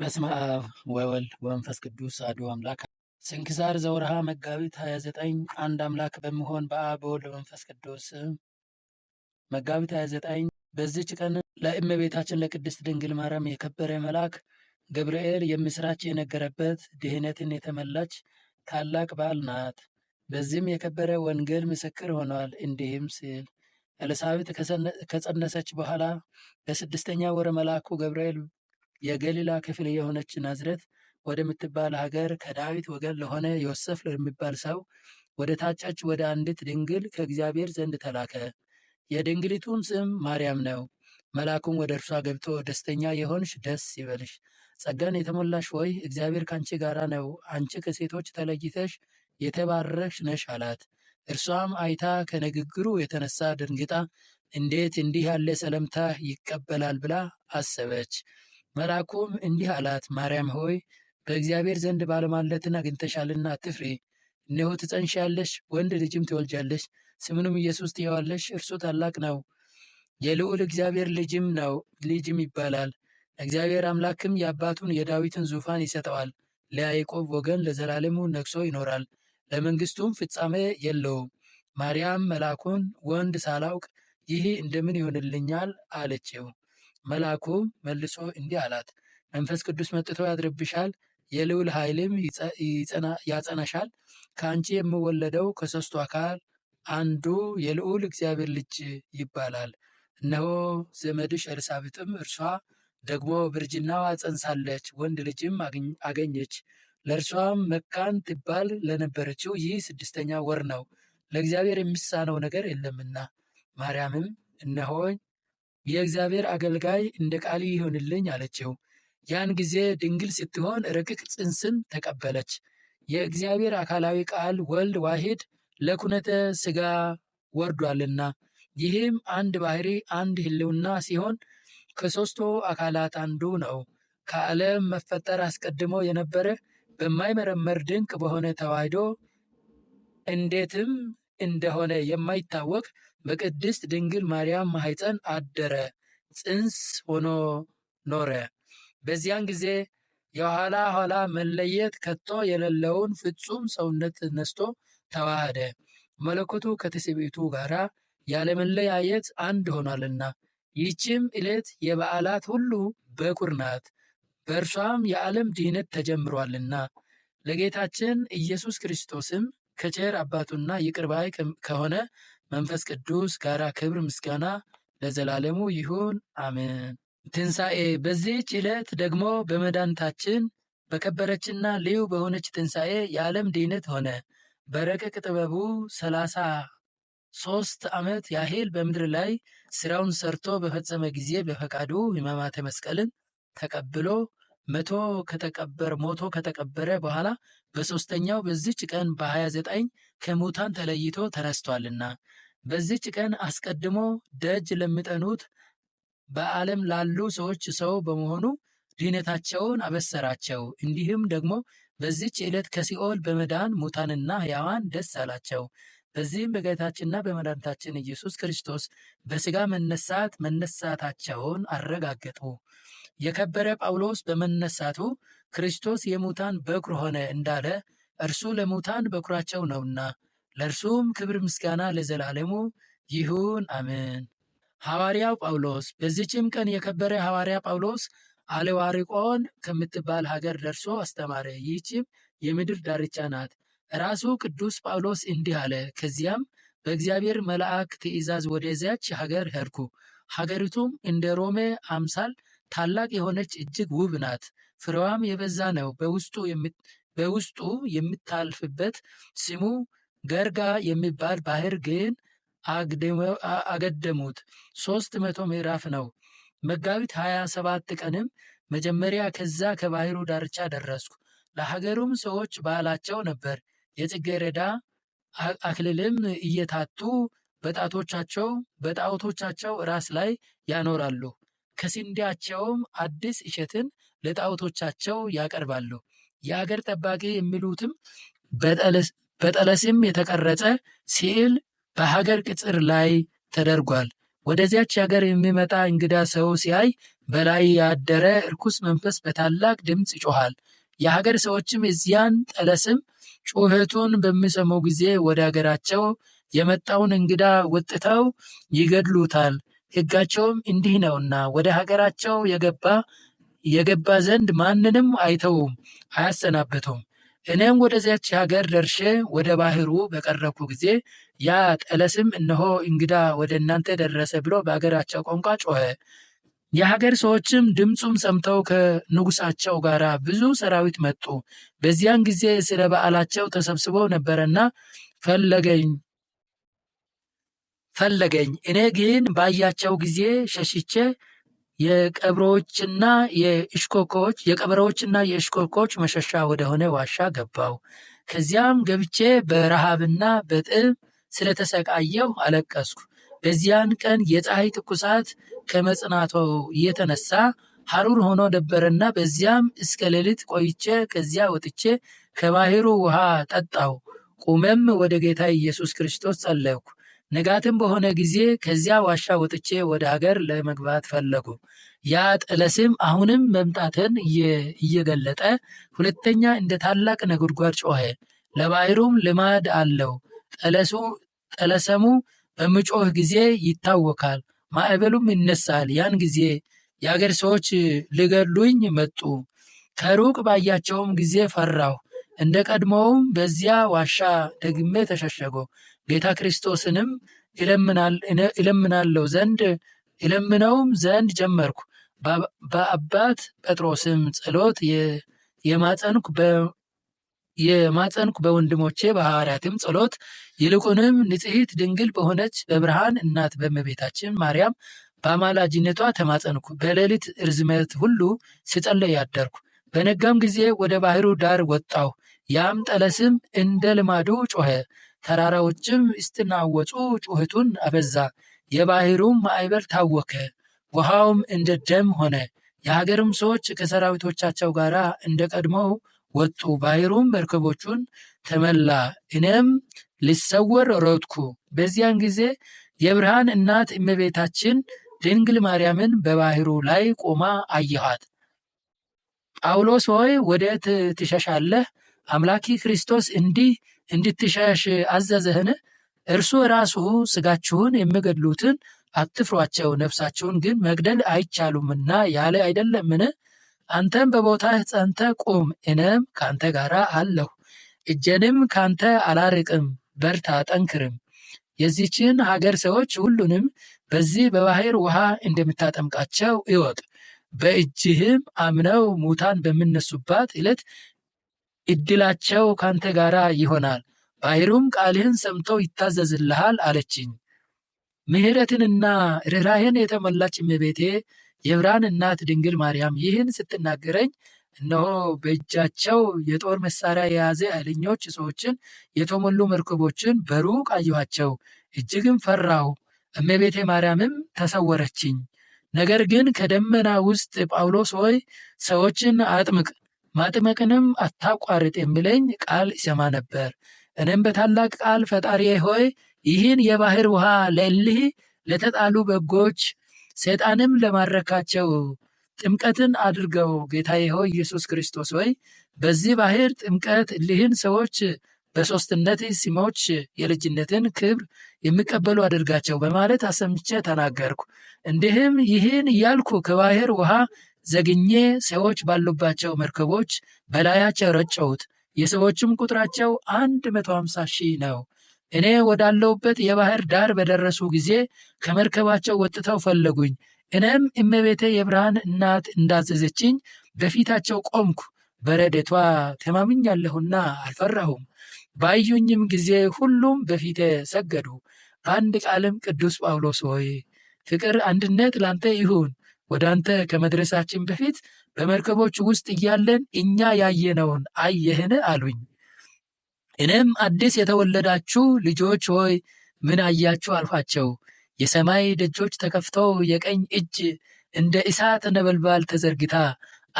በስመ አብ ወወልድ ወመንፈስ ቅዱስ አሐዱ አምላክ። ስንክሳር ዘወርሃ መጋቢት 29 አንድ አምላክ በሚሆን በአብ በወልድ በመንፈስ ቅዱስ። መጋቢት 29 በዚች ቀን ለእመቤታችን ለቅድስት ድንግል ማርያም የከበረ መልአክ ገብርኤል የምስራች የነገረበት ድህነትን የተመላች ታላቅ በዓል ናት። በዚህም የከበረ ወንጌል ምስክር ሆኗል። እንዲህም ሲል ኤልሳቤጥ ከጸነሰች በኋላ በስድስተኛ ወር መልአኩ ገብርኤል የገሊላ ክፍል የሆነች ናዝረት ወደምትባል ሀገር ከዳዊት ወገን ለሆነ ዮሴፍ ለሚባል ሰው ወደ ታጨች ወደ አንዲት ድንግል ከእግዚአብሔር ዘንድ ተላከ። የድንግሊቱም ስም ማርያም ነው። መልአኩም ወደ እርሷ ገብቶ ደስተኛ የሆንሽ ደስ ይበልሽ፣ ጸጋን የተሞላሽ ሆይ እግዚአብሔር ከአንቺ ጋር ነው፣ አንቺ ከሴቶች ተለይተሽ የተባረክሽ ነሽ አላት። እርሷም አይታ ከንግግሩ የተነሳ ደንግጣ እንዴት እንዲህ ያለ ሰላምታ ይቀበላል ብላ አሰበች። መልአኩም እንዲህ አላት፣ ማርያም ሆይ በእግዚአብሔር ዘንድ ባለማለትን አግኝተሻልና አትፍሪ። እነሆ ትጸንሻለሽ፣ ወንድ ልጅም ትወልጃለሽ፣ ስምንም ኢየሱስ ትየዋለሽ። እርሱ ታላቅ ነው፣ የልዑል እግዚአብሔር ልጅም ነው ልጅም ይባላል። እግዚአብሔር አምላክም የአባቱን የዳዊትን ዙፋን ይሰጠዋል፣ ለያዕቆብ ወገን ለዘላለሙ ነግሶ ይኖራል፣ ለመንግስቱም ፍጻሜ የለውም። ማርያም መልአኩን ወንድ ሳላውቅ ይህ እንደምን ይሆንልኛል አለችው። መልአኩ መልሶ እንዲህ አላት፣ መንፈስ ቅዱስ መጥቶ ያድርብሻል፣ የልዑል ኃይልም ያጸናሻል። ከአንቺ የምወለደው ከሦስቱ አካል አንዱ የልዑል እግዚአብሔር ልጅ ይባላል። እነሆ ዘመድሽ ኤልሳቤጥም እርሷ ደግሞ ብርጅናዋ ጸንሳለች፣ ወንድ ልጅም አገኘች። ለእርሷም መካን ትባል ለነበረችው ይህ ስድስተኛ ወር ነው፣ ለእግዚአብሔር የሚሳነው ነገር የለምና። ማርያምም እነሆኝ የእግዚአብሔር አገልጋይ እንደ ቃል ይሆንልኝ አለችው። ያን ጊዜ ድንግል ስትሆን ረቂቅ ጽንስን ተቀበለች። የእግዚአብሔር አካላዊ ቃል ወልድ ዋሂድ ለኩነተ ሥጋ ወርዷልና ይህም አንድ ባህሪ አንድ ህልውና ሲሆን ከሦስቱ አካላት አንዱ ነው። ከዓለም መፈጠር አስቀድሞ የነበረ በማይመረመር ድንቅ በሆነ ተዋህዶ እንዴትም እንደሆነ የማይታወቅ በቅድስት ድንግል ማርያም ማኅፀን አደረ፣ ጽንስ ሆኖ ኖረ። በዚያን ጊዜ የኋላ ኋላ መለየት ከቶ የሌለውን ፍጹም ሰውነት ነስቶ ተዋህደ። መለኮቱ ከትስብእቱ ጋራ ያለመለያየት አንድ ሆኗልና። ይህችም ዕለት የበዓላት ሁሉ በኩር ናት። በእርሷም የዓለም ድህነት ተጀምሯልና ለጌታችን ኢየሱስ ክርስቶስም ከቸር አባቱና ይቅር ባይ ከሆነ መንፈስ ቅዱስ ጋራ ክብር ምስጋና ለዘላለሙ ይሁን አሜን። ትንሣኤ በዚህች ዕለት ደግሞ በመድኃኒታችን በከበረችና ልዩ በሆነች ትንሣኤ የዓለም ድኅነት ሆነ። በረቅቅ ጥበቡ ሰላሳ ሦስት ዓመት ያህል በምድር ላይ ሥራውን ሰርቶ በፈጸመ ጊዜ በፈቃዱ ሕማማተ መስቀልን ተቀብሎ መቶ ከተቀበር ሞቶ ከተቀበረ በኋላ በሦስተኛው በዚች ቀን በ29 ከሙታን ተለይቶ ተነስቷልና በዚች ቀን አስቀድሞ ደጅ ለሚጠኑት በዓለም ላሉ ሰዎች ሰው በመሆኑ ድህነታቸውን አበሰራቸው። እንዲህም ደግሞ በዚች ዕለት ከሲኦል በመዳን ሙታንና ሕያዋን ደስ አላቸው። በዚህም በጌታችንና በመድኃኒታችን ኢየሱስ ክርስቶስ በሥጋ መነሳት መነሳታቸውን አረጋገጡ። የከበረ ጳውሎስ በመነሳቱ ክርስቶስ የሙታን በኩር ሆነ እንዳለ እርሱ ለሙታን በኩራቸው ነውና ለእርሱም ክብር ምስጋና ለዘላለሙ ይሁን አሜን። ሐዋርያው ጳውሎስ በዚችም ቀን የከበረ ሐዋርያ ጳውሎስ አለዋሪቆን ከምትባል ሀገር ደርሶ አስተማረ። ይህችም የምድር ዳርቻ ናት። ራሱ ቅዱስ ጳውሎስ እንዲህ አለ። ከዚያም በእግዚአብሔር መልአክ ትእዛዝ ወደዚያች ሀገር ሄድኩ። ሀገሪቱም እንደ ሮሜ አምሳል ታላቅ የሆነች እጅግ ውብ ናት። ፍሬዋም የበዛ ነው። በውስጡ የምታልፍበት ስሙ ገርጋ የሚባል ባህር ግን አገደሙት። ሶስት መቶ ምዕራፍ ነው። መጋቢት 27 ቀንም መጀመሪያ ከዛ ከባህሩ ዳርቻ ደረስኩ። ለሀገሩም ሰዎች ባህላቸው ነበር። የጽጌረዳ አክልልም እየታቱ በጣቶቻቸው በጣዖቶቻቸው ራስ ላይ ያኖራሉ። ከስንዴያቸውም አዲስ እሸትን ለጣዖቶቻቸው ያቀርባሉ። የአገር ጠባቂ የሚሉትም በጠለስም የተቀረጸ ስዕል በሀገር ቅጽር ላይ ተደርጓል። ወደዚያች ሀገር የሚመጣ እንግዳ ሰው ሲያይ በላይ ያደረ እርኩስ መንፈስ በታላቅ ድምፅ ይጮኋል። የሀገር ሰዎችም እዚያን ጠለስም ጩኸቱን በሚሰሙ ጊዜ ወደ ሀገራቸው የመጣውን እንግዳ ወጥተው ይገድሉታል። ሕጋቸውም እንዲህ ነውና ወደ ሀገራቸው የገባ የገባ ዘንድ ማንንም አይተውም፣ አያሰናበተውም። እኔም ወደዚያች ሀገር ደርሼ ወደ ባህሩ በቀረብኩ ጊዜ ያ ጠለስም እነሆ እንግዳ ወደ እናንተ ደረሰ ብሎ በሀገራቸው ቋንቋ ጮኸ። የሀገር ሰዎችም ድምፁም ሰምተው ከንጉሳቸው ጋር ብዙ ሰራዊት መጡ። በዚያን ጊዜ ስለ በዓላቸው ተሰብስበው ነበረና ፈለገኝ ፈለገኝ እኔ ግን ባያቸው ጊዜ ሸሽቼ የቀብሮዎችና የእሽኮኮዎች የቀበሮዎችና የእሽኮኮዎች መሸሻ ወደሆነ ዋሻ ገባው። ከዚያም ገብቼ በረሃብና በጥም ስለተሰቃየው አለቀስኩ። በዚያን ቀን የፀሐይ ትኩሳት ከመጽናቶ የተነሳ ሐሩር ሆኖ ነበረና በዚያም እስከ ሌሊት ቆይቼ ከዚያ ወጥቼ ከባሕሩ ውሃ ጠጣው። ቁመም ወደ ጌታ ኢየሱስ ክርስቶስ ጸለይኩ። ንጋትም በሆነ ጊዜ ከዚያ ዋሻ ወጥቼ ወደ ሀገር ለመግባት ፈለጉ። ያ ጠለስም አሁንም መምጣትን እየገለጠ ሁለተኛ እንደ ታላቅ ነጎድጓድ ጮኸ። ለባሕሩም ልማድ አለው። ጠለሱ ጠለሰሙ በምጮህ ጊዜ ይታወካል፣ ማዕበሉም ይነሳል። ያን ጊዜ የአገር ሰዎች ልገሉኝ መጡ። ከሩቅ ባያቸውም ጊዜ ፈራሁ። እንደ ቀድሞውም በዚያ ዋሻ ደግሜ ተሸሸጎ ጌታ ክርስቶስንም እለምናለው ዘንድ እለምነውም ዘንድ ጀመርኩ። በአባት ጴጥሮስም ጸሎት የማጸንኩ በወንድሞቼ በሐዋርያትም ጸሎት ይልቁንም ንጽሕት ድንግል በሆነች በብርሃን እናት በእመቤታችን ማርያም በአማላጅነቷ ተማጸንኩ። በሌሊት ርዝመት ሁሉ ስጸለይ ያደርኩ። በነጋም ጊዜ ወደ ባህሩ ዳር ወጣሁ። ያም ጠለስም እንደ ልማዱ ጮኸ። ተራራዎችም እስትናወጡ ጩኸቱን አበዛ። የባሕሩም ማዕበል ታወከ፣ ውሃውም እንደ ደም ሆነ። የሀገርም ሰዎች ከሰራዊቶቻቸው ጋር እንደ ቀድሞው ወጡ። ባሕሩም መርከቦቹን ተመላ፣ እኔም ልሰወር ሮጥኩ። በዚያን ጊዜ የብርሃን እናት እመቤታችን ድንግል ማርያምን በባሕሩ ላይ ቆማ አየኋት። ጳውሎስ ሆይ ወዴት ትሸሻለህ? አምላኪ ክርስቶስ እንዲህ እንድትሸሽ አዘዘህን? እርሱ ራሱ ስጋችሁን የሚገድሉትን አትፍሯቸው፣ ነፍሳችሁን ግን መግደል አይቻሉምና ያለ አይደለምን? አንተም በቦታህ ጸንተ ቁም፣ እኔም ካንተ ጋር አለሁ፣ እጄንም ካንተ አላርቅም። በርታ ጠንክርም። የዚችን ሀገር ሰዎች ሁሉንም በዚህ በባህር ውሃ እንደምታጠምቃቸው እወቅ። በእጅህም አምነው ሙታን በምነሱባት ዕለት እድላቸው ካንተ ጋር ይሆናል፣ ባሕሩም ቃልህን ሰምቶ ይታዘዝልሃል አለችኝ። ምሕረትንና ርኅራኄን የተሞላች እመቤቴ የብርሃን እናት ድንግል ማርያም ይህን ስትናገረኝ እነሆ በእጃቸው የጦር መሳሪያ የያዘ አይለኞች ሰዎችን የተሞሉ መርከቦችን በሩቅ አየኋቸው። እጅግም ፈራሁ። እመቤቴ ማርያምም ተሰወረችኝ። ነገር ግን ከደመና ውስጥ ጳውሎስ ሆይ ሰዎችን አጥምቅ ማጥመቅንም አታቋርጥ የሚለኝ ቃል ይሰማ ነበር። እኔም በታላቅ ቃል ፈጣሪ ሆይ ይህን የባህር ውሃ ለእልህ ለተጣሉ በጎች ሰይጣንም ለማረካቸው ጥምቀትን አድርገው ጌታዬ ሆይ ኢየሱስ ክርስቶስ ሆይ በዚህ ባህር ጥምቀት እልህን ሰዎች በሦስትነት ሲሞች የልጅነትን ክብር የሚቀበሉ አድርጋቸው በማለት አሰምቼ ተናገርኩ። እንዲህም ይህን እያልኩ ከባህር ውሃ ዘግኜ ሰዎች ባሉባቸው መርከቦች በላያቸው ረጨሁት። የሰዎችም ቁጥራቸው አንድ መቶ ሃምሳ ሺህ ነው። እኔ ወዳለሁበት የባህር ዳር በደረሱ ጊዜ ከመርከባቸው ወጥተው ፈለጉኝ። እኔም እመቤቴ የብርሃን እናት እንዳዘዘችኝ በፊታቸው ቆምኩ። በረዴቷ ተማምኛለሁና አልፈራሁም። ባዩኝም ጊዜ ሁሉም በፊቴ ሰገዱ። በአንድ ቃልም ቅዱስ ጳውሎስ ሆይ ፍቅር፣ አንድነት ላንተ ይሁን ወደ አንተ ከመድረሳችን በፊት በመርከቦች ውስጥ እያለን እኛ ያየነውን አየህን? አሉኝ። እኔም አዲስ የተወለዳችሁ ልጆች ሆይ ምን አያችሁ? አልኋቸው። የሰማይ ደጆች ተከፍተው የቀኝ እጅ እንደ እሳት ነበልባል ተዘርግታ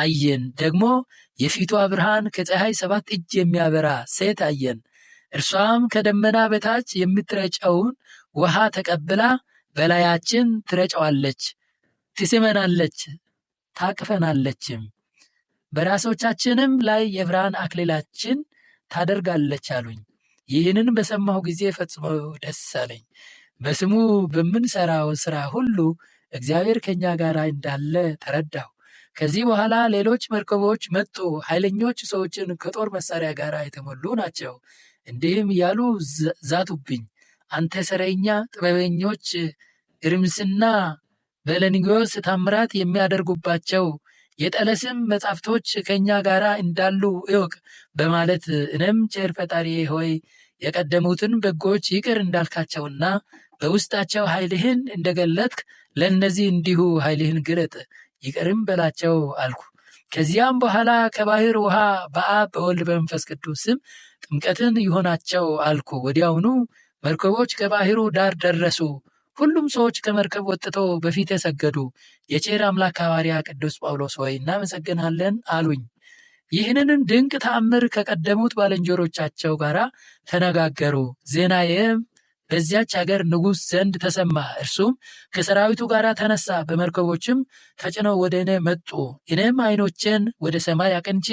አየን። ደግሞ የፊቷ ብርሃን ከፀሐይ ሰባት እጅ የሚያበራ ሴት አየን። እርሷም ከደመና በታች የምትረጨውን ውሃ ተቀብላ በላያችን ትረጨዋለች። ትስመናለች፣ ታቅፈናለችም፣ በራሶቻችንም ላይ የብርሃን አክሊላችን ታደርጋለች አሉኝ። ይህንን በሰማሁ ጊዜ ፈጽሞ ደስ አለኝ። በስሙ በምንሰራው ስራ ሁሉ እግዚአብሔር ከኛ ጋር እንዳለ ተረዳሁ። ከዚህ በኋላ ሌሎች መርከቦች መጡ። ኃይለኞች ሰዎችን ከጦር መሳሪያ ጋር የተሞሉ ናቸው። እንዲህም እያሉ ዛቱብኝ፣ አንተ ሰረኛ ጥበበኞች፣ እርምስና በለንጊዮስ ታምራት የሚያደርጉባቸው የጠለስም መጻሕፍቶች ከእኛ ጋር እንዳሉ እወቅ በማለት እኔም ቸር ፈጣሪ ሆይ የቀደሙትን በጎች ይቅር እንዳልካቸውና በውስጣቸው ኃይልህን እንደገለጥክ ለእነዚህ እንዲሁ ኃይልህን ግለጥ ይቅርም በላቸው አልኩ። ከዚያም በኋላ ከባህር ውሃ በአብ በወልድ በመንፈስ ቅዱስ ስም ጥምቀትን ይሆናቸው አልኩ። ወዲያውኑ መርከቦች ከባህሩ ዳር ደረሱ። ሁሉም ሰዎች ከመርከብ ወጥተው በፊት የሰገዱ የቸር አምላክ ሐዋርያ ቅዱስ ጳውሎስ ሆይ እናመሰግናለን አሉኝ። ይህንንም ድንቅ ተአምር ከቀደሙት ባልንጀሮቻቸው ጋር ተነጋገሩ። ዜናዬም በዚያች ሀገር ንጉሥ ዘንድ ተሰማ። እርሱም ከሰራዊቱ ጋር ተነሳ። በመርከቦችም ተጭነው ወደ እኔ መጡ። እኔም ዓይኖቼን ወደ ሰማይ አቅንቼ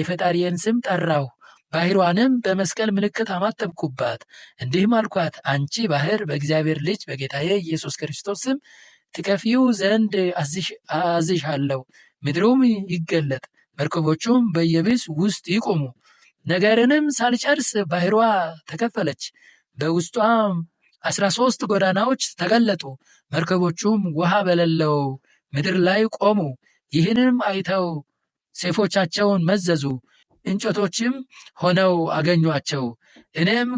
የፈጣሪዬን ስም ጠራሁ። ባህሯንም በመስቀል ምልክት አማተብኩባት፣ እንዲህም አልኳት፣ አንቺ ባህር በእግዚአብሔር ልጅ በጌታዬ ኢየሱስ ክርስቶስ ስም ትከፍዪው ዘንድ አዝሻለሁ። ምድሩም ይገለጥ፣ መርከቦቹም በየብስ ውስጥ ይቆሙ። ነገርንም ሳልጨርስ ባህሯ ተከፈለች፣ በውስጧም አስራ ሶስት ጎዳናዎች ተገለጡ። መርከቦቹም ውሃ በሌለው ምድር ላይ ቆሙ። ይህንም አይተው ሰይፎቻቸውን መዘዙ። እንጨቶችም ሆነው አገኟቸው። እኔም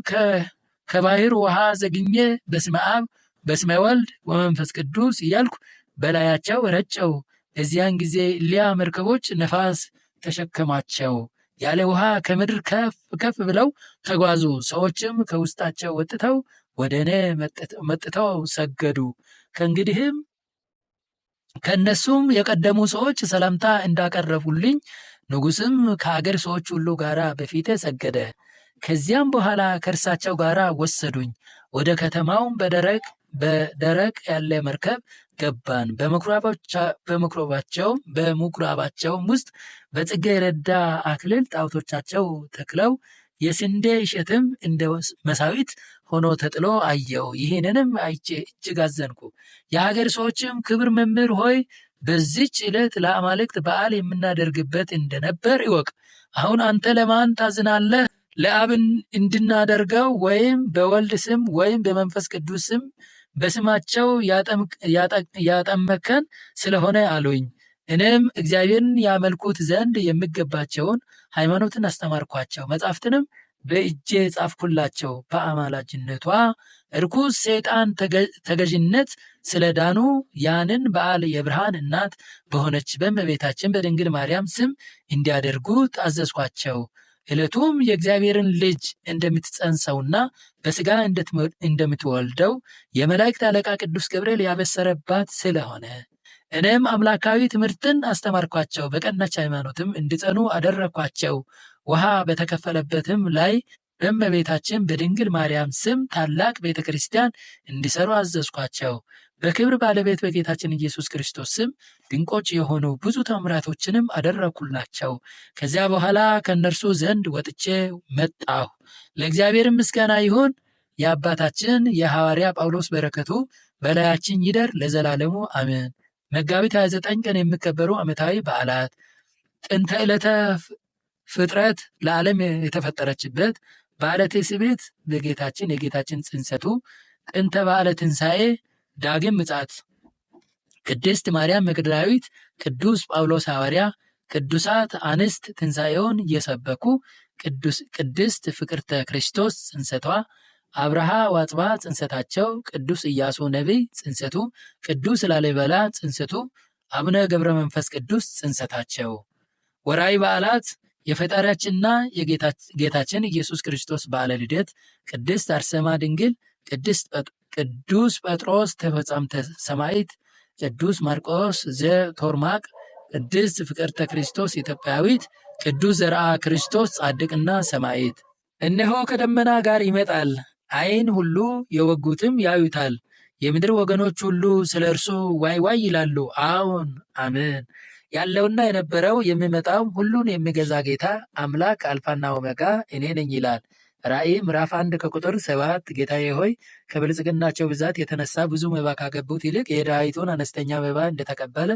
ከባህር ውሃ ዘግኜ በስመ አብ በስመ ወልድ ወመንፈስ ቅዱስ እያልኩ በላያቸው ረጨው። እዚያን ጊዜ ሊያ መርከቦች ነፋስ ተሸከማቸው፣ ያለ ውሃ ከምድር ከፍ ከፍ ብለው ተጓዙ። ሰዎችም ከውስጣቸው ወጥተው ወደ እኔ መጥተው ሰገዱ። ከእንግዲህም ከእነሱም የቀደሙ ሰዎች ሰላምታ እንዳቀረቡልኝ ንጉሥም ከአገር ሰዎች ሁሉ ጋር በፊት ሰገደ። ከዚያም በኋላ ከእርሳቸው ጋር ወሰዱኝ። ወደ ከተማውም በደረቅ በደረቅ ያለ መርከብ ገባን። በምኩራባቸውም በምኩራባቸውም ውስጥ በጽጌረዳ አክሊል ጣዖቶቻቸው ተክለው የስንዴ እሸትም እንደ መሳዊት ሆኖ ተጥሎ አየው። ይህንንም አይቼ እጅግ አዘንኩ። የሀገር ሰዎችም ክብር መምህር ሆይ በዚች ዕለት ለአማልክት በዓል የምናደርግበት እንደነበር ይወቅ። አሁን አንተ ለማን ታዝናለህ? ለአብ እንድናደርገው ወይም በወልድ ስም ወይም በመንፈስ ቅዱስ ስም በስማቸው ያጠመከን ስለሆነ አሉኝ። እኔም እግዚአብሔርን ያመልኩት ዘንድ የሚገባቸውን ሃይማኖትን አስተማርኳቸው፣ መጻሕፍትንም በእጄ ጻፍኩላቸው። በአማላጅነቷ እርኩስ ሰይጣን ተገዥነት ስለ ዳኑ ያንን በዓል የብርሃን እናት በሆነች በእመቤታችን በድንግል ማርያም ስም እንዲያደርጉ ታዘዝኳቸው። ዕለቱም የእግዚአብሔርን ልጅ እንደምትጸንሰውና በሥጋ እንደምትወልደው የመላእክት አለቃ ቅዱስ ገብርኤል ያበሰረባት ስለሆነ እኔም አምላካዊ ትምህርትን አስተማርኳቸው፣ በቀናች ሃይማኖትም እንዲጸኑ አደረኳቸው። ውሃ በተከፈለበትም ላይ በእመቤታችን በድንግል ማርያም ስም ታላቅ ቤተ ክርስቲያን እንዲሰሩ አዘዝኳቸው። በክብር ባለቤት በጌታችን ኢየሱስ ክርስቶስ ስም ድንቆች የሆኑ ብዙ ተአምራቶችንም አደረኩላቸው። ከዚያ በኋላ ከእነርሱ ዘንድ ወጥቼ መጣሁ። ለእግዚአብሔር ምስጋና ይሁን። የአባታችን የሐዋርያ ጳውሎስ በረከቱ በላያችን ይደር ለዘላለሙ አሜን። መጋቢት 29 ቀን የሚከበሩ ዓመታዊ በዓላት ጥንተ ዕለተ ፍጥረት ለዓለም የተፈጠረችበት፣ በዓለ ትስብእት በጌታችን የጌታችን ጽንሰቱ፣ ጥንተ በዓለ ትንሣኤ ዳግም ምጽአት ቅድስት ማርያም መግደላዊት፣ ቅዱስ ጳውሎስ ሐዋርያ፣ ቅዱሳት አንስት ትንሣኤውን እየሰበኩ ቅድስት ፍቅርተ ክርስቶስ ጽንሰቷ፣ አብርሃ ዋጽባ ጽንሰታቸው፣ ቅዱስ ኢያሱ ነቢይ ጽንሰቱ፣ ቅዱስ ላሊበላ ጽንሰቱ፣ አቡነ ገብረ መንፈስ ቅዱስ ጽንሰታቸው። ወራዊ በዓላት የፈጣሪያችንና የጌታችን ኢየሱስ ክርስቶስ በዓለ ልደት፣ ቅድስት አርሴማ ድንግል፣ ቅድስት ቅዱስ ጴጥሮስ ተፈጻምተ ሰማይት ቅዱስ ማርቆስ ዘቶርማቅ፣ ቅድስት ፍቅርተ ክርስቶስ ኢትዮጵያዊት፣ ቅዱስ ዘርአ ክርስቶስ ጻድቅና ሰማይት እነሆ ከደመና ጋር ይመጣል፣ ዓይን ሁሉ የወጉትም ያዩታል። የምድር ወገኖች ሁሉ ስለ እርሱ ዋይ ዋይ ይላሉ። አዎን አሜን። ያለውና የነበረው የሚመጣው ሁሉን የሚገዛ ጌታ አምላክ አልፋና ኦሜጋ እኔ ነኝ ይላል። ራእይ ምዕራፍ አንድ ከቁጥር ሰባት ጌታዬ ሆይ ከብልጽግናቸው ብዛት የተነሳ ብዙ መባ ካገቡት ይልቅ የድሃይቱን አነስተኛ መባ እንደተቀበለ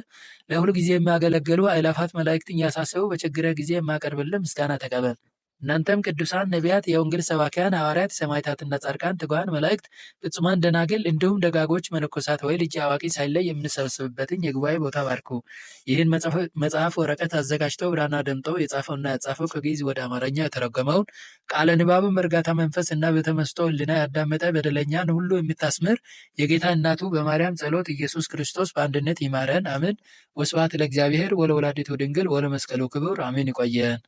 ለሁል ጊዜ የሚያገለግሉ አእላፋት መላእክትን እያሳሰቡ በችግረ ጊዜ የማቀርብልን ምስጋና ተቀበል። እናንተም ቅዱሳን ነቢያት፣ የወንጌል ሰባኪያን ሐዋርያት፣ ሰማዕታትና ጻድቃን፣ ትጉሃን መላእክት፣ ፍጹማን ደናግል እንዲሁም ደጋጎች መነኮሳት ወይ ልጅ አዋቂ ሳይለይ የምንሰበስብበትን የጉባኤ ቦታ ባርኩ። ይህን መጽሐፍ ወረቀት አዘጋጅተው ብራና ደምጠው የጻፈውና ያጻፈው ከግዕዝ ወደ አማርኛ የተረጎመውን ቃለ ንባብን እርጋታ መንፈስ እና በተመስጦ ሕሊና ያዳመጠ በደለኛን ሁሉ የምታስምር የጌታ እናቱ በማርያም ጸሎት ኢየሱስ ክርስቶስ በአንድነት ይማረን። አምን። ወስብሐት ለእግዚአብሔር ወለወላዲቱ ድንግል ወለመስቀሉ ክቡር አሜን። ይቆየን።